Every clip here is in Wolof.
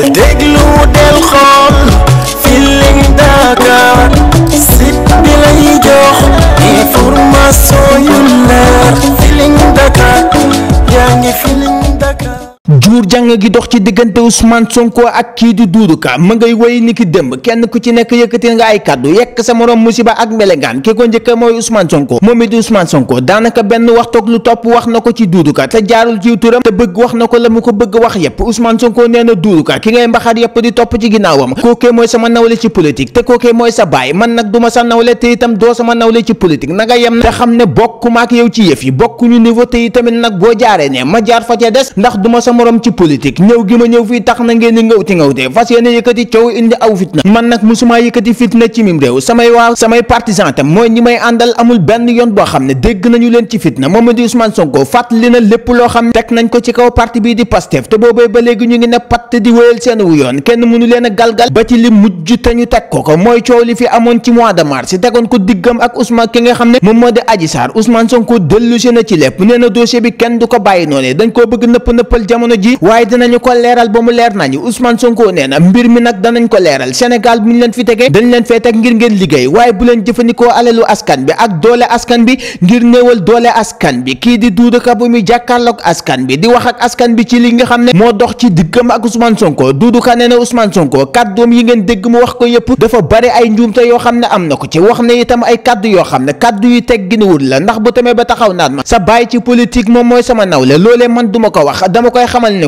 del déglu nguur jàng gi dox ci diggante Ousmane Sonko ak kii di Doudou Ka ngay woy ni ki démb kenn ku ci nekk yëkkati nga ay kàddu yekk sa morom musiba ak melengaan ki ko njëkk mooy Ousmane Sonko moom it Ousmane Sonko wax na ko ci Doudou bëgg wax na ko la mu ko bëgg wax yépp Ousmane Sonko nee na Doudou Ka ki ngay mbaxar yépp di topp ci ginnaawam kookee mooy sama nawle ci politique te kookee mooy sa baay man nag du ma sa nawle te itam doo sama nawle ci politique na nga yem te xam ne bokkuma ak yow ci yëf yi bokkuñu niveau te itamit nag boo jaaree ci politique ñëw gi ma ñëw fii tax na ngeen di ngawti ngawte fas yéene yëkkati coow indi aw fitna man nag musumaa yëkkati fitna ci mim réew samay waa samay partisan tam mooy ñi may àndal amul benn yoon boo xam ne dégg nañu leen ci fitna moom di Ousmane Sonko fàttali na lépp loo xam ne teg nañ ko ci kaw parti bii di Pastef te boobee ba léegi ñu ngi ne patt di wéyal seen wu yoon kenn mënu leen galgal ba ci li mujj te ñu teg ko ko mooy coow li fi amoon waaye dinañu ko leeral ba mu leer nañu Ousmane Sonko nee na mbir mi nag danañ ko leeral Sénégal bu ñu leen fi tegee dañ leen fee teg ngir ngeen liggéey waaye bu leen jëfandikoo alalu askan bi ak doole askan bi ngir néewal doole askan bi kii di Doudou Ka bu muy jàkkaarloog askan bi di wax ak askan bi ci li nga xam ne moo dox ci diggam ak Ousmane Sonko Doudou Ka nee na Ousmane Sonko kàddoom yi ngeen dégg mu wax ko yëpp dafa bari ay njuumte yoo xam ne am na ko ci wax ne itam ay kàddu yoo xam ne kàddu yu teg giniwul la ndax bu tamee ba taxaw naan ma sa bàyyi ci politique moom mooy sama nawle loolee man duma ko wax dama koy xamal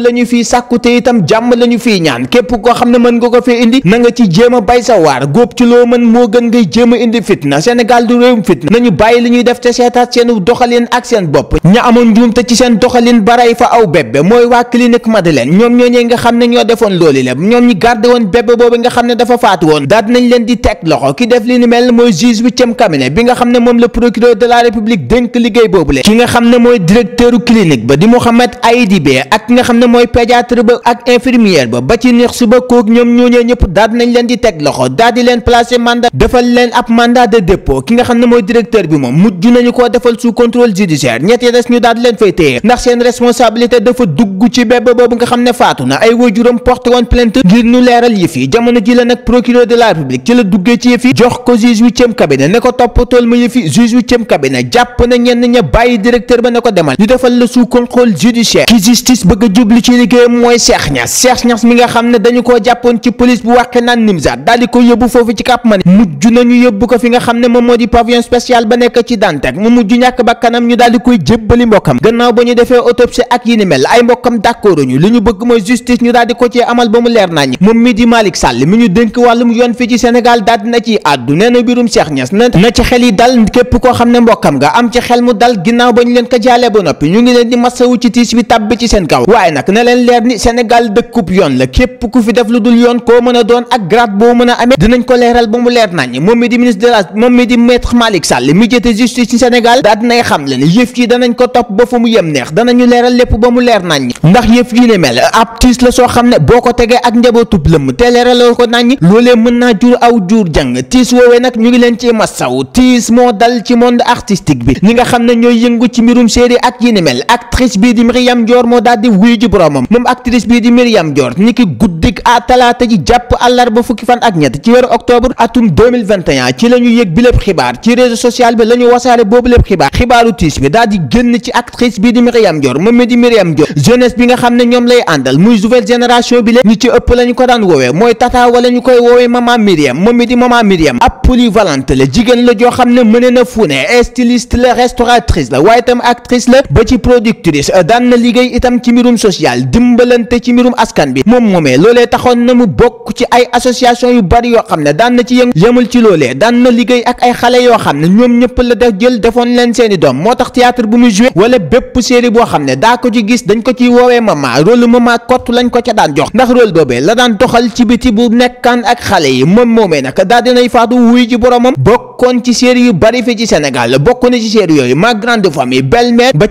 la ñu fiy sàkku te itam jàmm la ñu ñaan képp koo xam ne mën nga ko fee indi na ci jéem a bay sa waar góob ci loo mën moo gën ngay jéem a indi fitna Sénégal du réewum fitna nañu bàyyi li def te seetaat seen doxalin ak seen bopp ña amoon njuumte ci seen doxalin baray fa aw bébé mooy waa clinique Madeleine ñoom ñooñee nga xam ne ñoo defoon loolu la ñoom ñi garde woon bébé boobu nga xam ne dafa faatu woon daal leen di teg loxo ki def li ni mel xam ne mooy pédiatre ba ak infirmière ba ba ci neex suba kook ñoom ñooñee ñëpp daal nañ leen di teg loxo daal leen placer mandat defal leen ab mandat de dépôt ki nga xam ne mooy directeur bi moom mujj nañu koo defal sous contrôle judiciaire ñett yi des ñu daal leen fay téye ndax seen responsabilité dafa dugg ci bébé boobu nga xam ne faatu na ay waajuram porté woon plainte ngir ñu leeral yëf yi ji la nag procureur de la république ci la duggee ci yëf yi jox ko juge yi juge huitième cabinet na ko demal ñu defal la jubli ci liggéeyam mooy Cheikh Niass Cheikh Niass mi nga xam ne dañu koo jàppoon ci police bu waxee naan Nimzaat daal di ko yóbbu foofu ci Cap Manuel mujj nañu yóbbu ko fi nga xam ne moom moo di pavillon spécial ba nekk ci dante mu mujj ñàkk ba kanam ñu daal di koy jébbali mbokkam gannaaw ba ñu defee autopsie ak yi ni mel ay mbokkam d'accord ñu li ñu bëgg mooy justice ñu daal di ko ci amal ba mu leer nañ moom mi di Malick Sall mi ñu dénk wàllum yoon fii ci Sénégal daal dina ci àddu nee na mbirum Cheikh Niass na ci xel yi dal képp koo xam ne mbokkam nga am ci xel mu dal ginnaaw ba leen ko jaalee ba noppi ñu ngi leen di masawu ci tiis bi tàbbi ci seen kaw waaye nag na leen leer ni Sénégal dëkkub yoon la képp ku fi def lu dul yoon koo mën a doon ak grade boo mën a amee dinañ ko leeral ba mu leer nañ moom mi di ministre de moom mi di maître Malick Sall mi jëte justice ci Sénégal daal dinay xam le ne yëf yi danañ ko topp ba fu mu yem neex danañu leeral lépp ba mu leer nañ ndax yëf yi ne mel ab tiis la soo xam ne boo ko tegee ak njabootub lëmm te leeraloo ko nañ loolee mën naa jur aw jur jàng tiis woowee bi ñi nga xam ne ci boromam moom actrice bii di Myriam Dior ni guddik talaata ji jàpp àllarba fukki fan ak ñett ci weeru octobre atum ci la yëg bi xibaar ci réseau social bi la wasaare boobu lépp xibaar xibaaru tiis bi daal génn ci actrice bii di Myriam Dior moom mi di Myriam Dior jeunesse bi nga xam ne ñoom lay àndal muy nouvelle génération bi la ñu ci ëpp la ko daan woowee mooy tata wala koy woowee maman Myriam moom mi di maman Myriam ab polyvalente la jigéen la social dimbalante ci mbirum askan bi moom moomee loolee taxoon na mu bokk ci ay association yu bari yoo xam ne daan ci yemul ci loolee daan liggéey ak ay xale yoo xam ne ñoom ñëpp la def jël defoon leen seeni doom moo tax théâtre bu mu joué wala bépp série boo xam ne daa ko ci gis dañ ko ciy woowee mama rôle mama kott lañ ko ca daan jox ndax rôle boobee la daan doxal ci biti bu nekkaan ak xale yi moom moomee nag daa dinay faatu wuy ji boromam bokkoon ci série yu bari fi ci Sénégal bokk na ci série ma grande famille belle-mère ba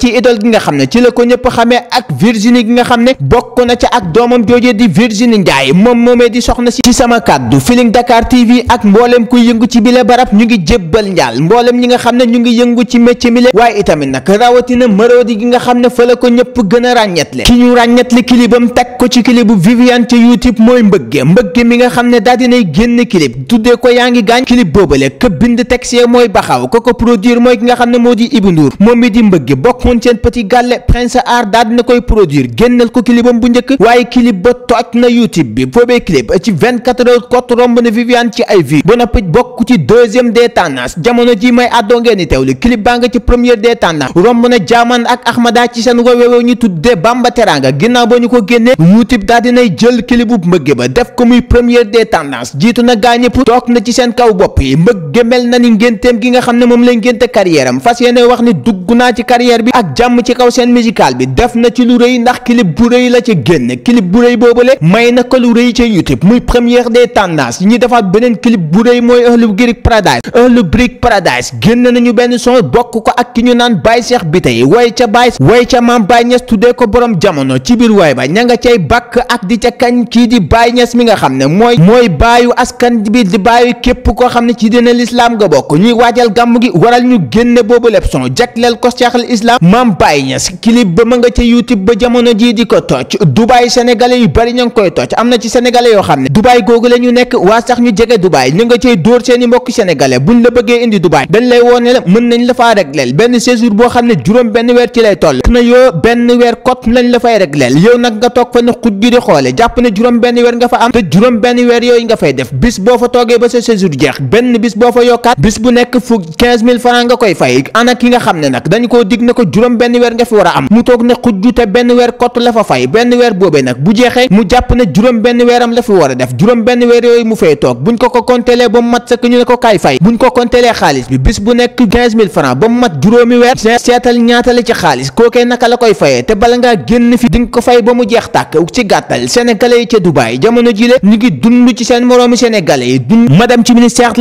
nga xam ne bokk na ca ak doomam joojee di Virginie Ndiaye moom moomee di soxna si ci sama kàddu Feeling Dakar TV ak mbooleem kuy yëngu ci bile barab ñu ngi jébbal njaal mbooleem ñi nga xam ne ñu ngi yëngu ci métier mi le waaye itamit nag rawatina marodi gi nga xam ne fa la ko ñëpp gën a ràññetle ki ñu ràññetle kilibam teg ko ci kilibu Viviane ca YouTube mooy mbëgge mbëgge mi nga xam ne daal dinay génn kilib tuddee ko yaa ngi gaañ kilib boobale ka bind texte mooy baxaw ko ko produire mooy ki moo di di mbëgge bokkoon seen petit gàlle génneel ko kilibam bu njëkk waaye kilib ba toj na youtube bi foobee clip ci 24 heures cote romb na Viviane ci ay vues ba noppi bokk ci deuxième des tendances jamono ji may àddoo ngeen di teewlu clip baa nga ci première des tendances romb na jaaman ak Ahmada ci seen wowewe ñu tuddee Bamba Teranga ginnaaw ba ñu ko génnee youtube daal dinay jël kilibu mbëgge ba def ko muy première des tendances jiitu na gaa toog na ci seen kaw bopp yi mbëgge mel na ni ngénteem gi nga xam ne moom lay ngénte carrière am fas na ci lu rëy clip bu rëy la ca génne clip bu rëy boobule may na ko lu rëy ca YouTube muy première des tendances ñi defaat beneen clip bu rëy mooy Euhlou Brick Paradise Euhlou Brick Paradise génn nañu benn son bokk ko ak ki ñu naan Baye Cheikh Biteye way ca Baye way ca maam Baye Niass tuddee ko borom jamono ci biir way ba ña nga cay bàkk ak di ca kañ kii di Baye Niass mi nga xam ne mooy mooy baayu askan bi di baayu képp koo xam ne ci dina lislaam nga bokk ñuy waajal gàmm gi waral ñu génne boobu lépp son jagleel ko Cheikhul Islam maam jii di ko tocc Dubaay sénégalais xam ne Dubaay googu la ñu nekk waa sax ñu jege Dubaay ñu nga cey dóor na yoo benn weer kot lañ la fay régleel yow nag nga toog fa ne xuj ji di xoole jàpp ne juróom benn weer nga fa am te juróom benn weer yooyu nga fay def bis boo fa toogee ba sa séjour jeex benn bis boo fa yokkaat bis bu nekk fu nga koy fay ana ki nga xam ne nag dañ koo dig ne ko juróom benn weer nga fi war a am mu toog ne xujju te benn weer kot kott la fa fay benn weer boobee nag bu jeexee mu jàpp ne juróom benn weeram la fi war a def juróom benn weer yooyu mu fay toog buñ ko ko kontelee ba mu mat sëkk ñu ne ko kaay fay buñ ko kontelee xaalis bi bis bu nekk francs ba mu mat juróomi weer seetal ñaata ci xaalis kookee naka la koy fayee te bala ngaa génn fi di ko fay ba mu jeex tàkk ci gàttal sénégalais yi ca Dubaï jamono jile ñu ngi dund ci seen moroomi sénégalais yi dund madame ci ministère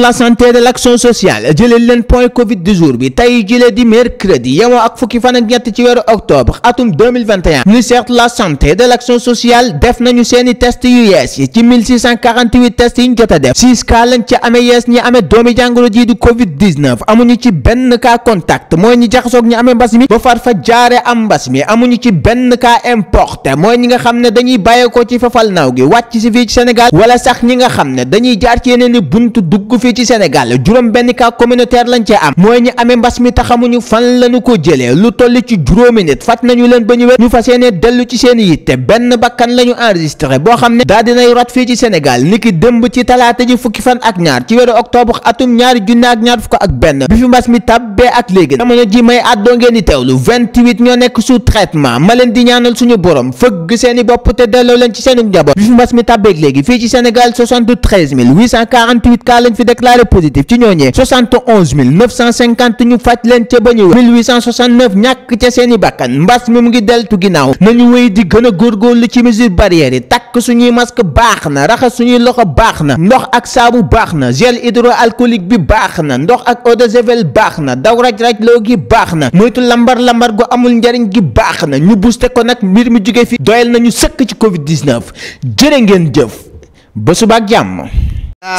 offerte la santé de l'action sociale def nañu seeni test yu yees yi ci 1648 test yi ñu jot a def six cas lañ ci amee yees ñi amee doomi jàngoro jii covid 19 amuñu ci benn cas contact mooy ñi jaxasoog ñi amee mbas mi ba far fa jaare am mbas mi amuñu ci benn cas importé mooy ñi nga xam ne dañuy bàyyeekoo ci fafal naw gi wàcc fii ci Sénégal wala sax ñi nga xam ne dañuy jaar ci yeneen i bunt dugg fii ci Sénégal juróom benn cas communautaire lañ cee am mooy ñi amee mbas mi taxamuñu fan lañu ko jëlee dellu ci seen yitte benn bakkan la ñu boo xam ne daa dinay rot fii ci Sénégal niki dëmb ci talaata ji fukki fan ak ñaar ci weeru octobre atum ñaari junne ak ñaar ko ak benn bi fi mbas mi tàbbee ak léegi jamono ji may àddoo ngeen di teewlu 28 ñoo nekk sous traitement ma leen di ñaanal suñu borom fëgg seen i bopp te delloo leen ci seen njaboot bi fi mbas mi tàbbee ak léegi fii ci Sénégal 73 848 cas lañ fi déclaré positif ci ñooñee 71 950 ñu faj leen ca ba seen i bakkan mbas mi mu ngi deltu ginnaaw nañu wéy di gën a góorgóorlu ci mesure barrières yi takk suñuy masque baax na raxas suñuy loxo baax na ndox ak saabu baax na gel hydroalcoolique bi baax na ndox ak eau de baax na daw raj-raj loo gi baax na moytu lambar-lambar gu amul njariñ gi baax na ñu te ko nag mbir mi jóge fi doyal nañu sëkk ci covid 19 jërë ngeen jëf ba subaak jàmm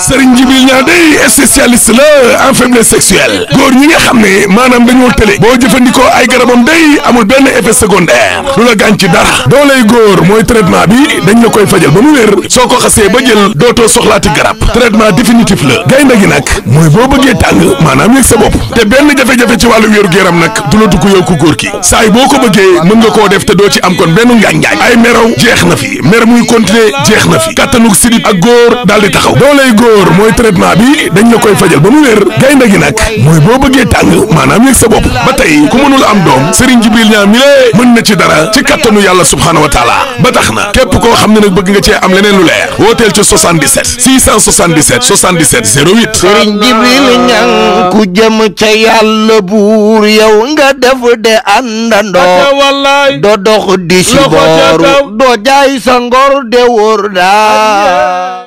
sëriñ Jibril ñaa day spécialiste la en faiblesse sexuelle góor ñi nga xam ne maanaam dañoo tële boo jëfandikoo ay garabam day amul benn effet secondaire du la gaañ ci dara doolay góor mooy traitement bi dañu la koy fajal ba mu wér soo ko xasee ba jël dootoo soxlaati garab traitement définitif la gaynde gi nag mooy boo bëggee tàng maanaam yëg sa bopp te benn jafe-jafe ci wàllu wéeru géram nag du la dugg yow ku góor ki saay boo ko bëggee mën nga koo def te doo ci am kon benn ngaañ-ngaañ ay meraw na fi mer muy continuer jeex na fi kattanu ak góor daal di taxaw doolay góor mooy traitement bi dañ la koy fajal ba mu wér gaynde gi nag mooy boo bëggee tàng maanaam yëg sa bopp ba tey ku mënul am doom Serigne Jibril ñaa mi lee mën na ci dara ci kattanu yàlla subhaanahu wa taala ba tax na képp koo xam ne nag bëgg nga cee am leneen lu leer wooteel ci 77 677 77 08 Serigne Jibril ñaa ku jëm ca yàlla buur yow nga def de àndandoo do dox di si booru doo jaay sa ngor de wóor daa